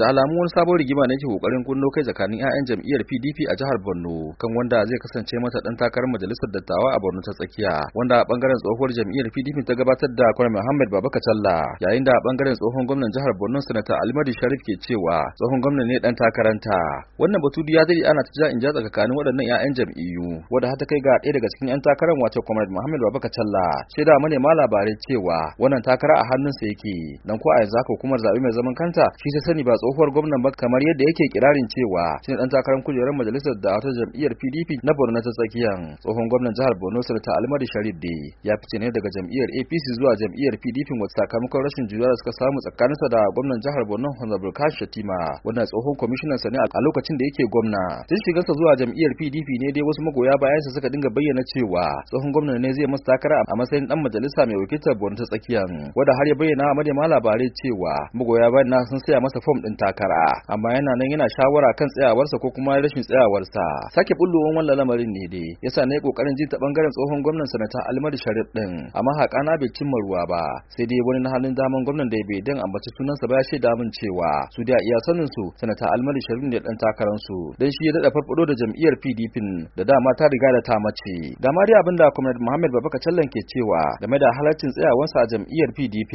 da alamu wani sabon rigima ne ke kokarin kunno kai tsakanin 'ya'yan jam'iyyar PDP a jihar Borno kan wanda zai kasance mata dan takarar majalisar dattawa a Borno ta tsakiya wanda a bangaren tsohuwar jam'iyyar PDP ta gabatar da Kwame Muhammad Babaka Talla yayin da a bangaren tsohon gwamnan jihar Borno Sanata Alimadi Sharif ke cewa tsohon gwamnan ne dan takaranta wannan batu ya dade ana ta ja in tsakanin waɗannan 'ya'yan jam'iyyu wanda har ta kai ga ɗaya daga cikin 'yan takarar wato Kwame Muhammad Babaka Talla sai da manema labarai cewa wannan takara a hannunsa yake dan ko a yanzu haka hukumar zabi mai zaman kanta shi ta sani ba tsohuwar gwamnan ba kamar yadda yake kirarin cewa shi dan takarar kujerar majalisar da ta jam'iyyar PDP na Borno ta tsakiyan tsohon gwamnan jihar Borno ta Almadi Sharif dai ya fice ne daga jam'iyyar APC zuwa jam'iyyar PDP wata sakamakon rashin da suka samu tsakaninsa da gwamnan jihar Borno Honorable Kashi Shatima wannan tsohon kwamishinan sa ne a lokacin da yake gwamna tun sa zuwa jam'iyyar PDP ne dai wasu magoya bayan sa suka dinga bayyana cewa tsohon gwamnan ne zai masa takara a matsayin dan majalisa mai wakiltar Borno ta tsakiyan wanda har ya bayyana a manema labarai cewa magoya bayan sun saya masa fom din takara amma yana nan yana shawara kan tsayawarsa ko kuma rashin tsayawarsa sake bullowan wannan lamarin ne dai yasa na yi kokarin ji ta bangaren tsohon gwamnan sanata almar sharif din amma haƙa na bai cimma ruwa ba sai dai wani na halin daman gwamnan da bai dan ambaci sunansa ba ya shaida damun cewa su da iya sanin su sanata almar sharif ne dan takarar su dan shi ya dada farfado da jam'iyyar pdp da dama ta riga da ta mace ma dai abinda da comrade muhammad babaka callan ke cewa mai da halarcin tsayawarsa a jam'iyyar pdp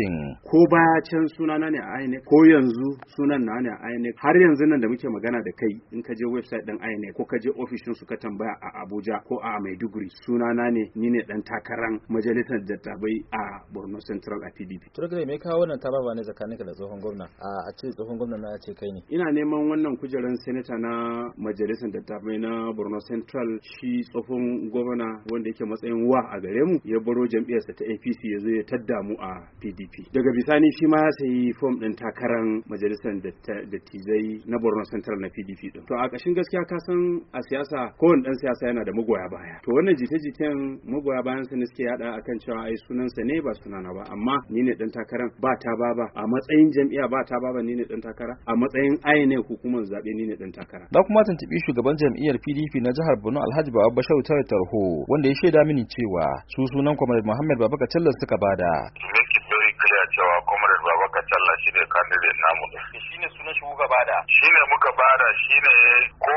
ko baya sunana ne a ko yanzu sunan wannan na ne INEC har yanzu nan da muke magana da kai in ka je website din INEC ko ka je ofishin su ka tambaya a Abuja ko a Maiduguri suna na ne ni ne dan takaran majalisar dattabai a borno central a pdp turgare me kawo wannan tababa ne tsakanin ka da tsohon gwamna a ce tsohon gwamna na ce kai ne ina neman wannan kujerar senator na majalisar dattafai na borno central shi tsohon gwamna wanda yake matsayin wa a gare mu ya baro jam'iyyarsa ta apc ya zo ya tadda mu a pdp daga bisani shi ma ya sayi fom ɗin takarar majalisar dattijai na borno central na pdp din to a ƙashin gaskiya ka san a siyasa kowane ɗan siyasa yana da magoya baya to wannan jita-jitan magoya bayan sa ne suke yada akan cewa ai sunansa ne ba sunana ba amma ni ne dan takaran ba ta baba a matsayin jam'iyya ba ta baba ni ne dan takara a matsayin INA hukumar zabe ni ne dan takara na kuma tuntubi shugaban jam'iyyar PDP na jihar Borno Alhaji Baba Bashiru Tare Tarho wanda ya shaida mini cewa su sunan Comrade Muhammad Baba Kacallan suka bada cewa comrade baba kacalla shi ne candidate namu shi ne sunan shi kuka bada shi ne muka bada shi ne ko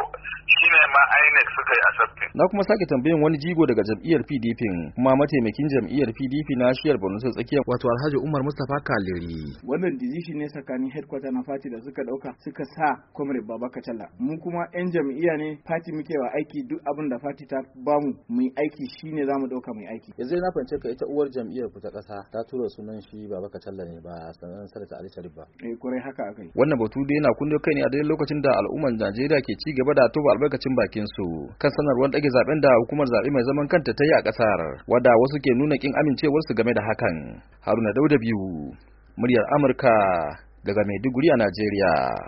shi ne ma INEC suka yi asabti na kuma sake tambayin wani jigo daga jam'iyyar PDP kuma mataimakin jam'iyyar PDP na shiyar Borno ta tsakiya wato Alhaji Umar Mustafa Kaliri wannan decision ne tsakanin headquarter na party da suka dauka suka sa Comrade Baba Kacalla mu kuma yan jam'iyya ne party muke wa aiki duk abin da party ta bamu mu aiki shine zamu dauka mu aiki yanzu na fance ka ita uwar jam'iyyar ku ta kasa ta tura sunan shi Baba Kacalla ne ba sanan sarata Ali Sharif ba eh kurai haka akai wannan batu dai yana kundo kai ne a daidai lokacin da al'ummar Najeriya ke ci gaba da tuba albarkacin bakin su kan sanarwar ɗage zaben da hukumar zabe mai zaman kanta ta yi a ƙasar wadda wasu ke nuna ƙin su game da hakan haruna dauda biyu muryar amurka daga maiduguri a najeriya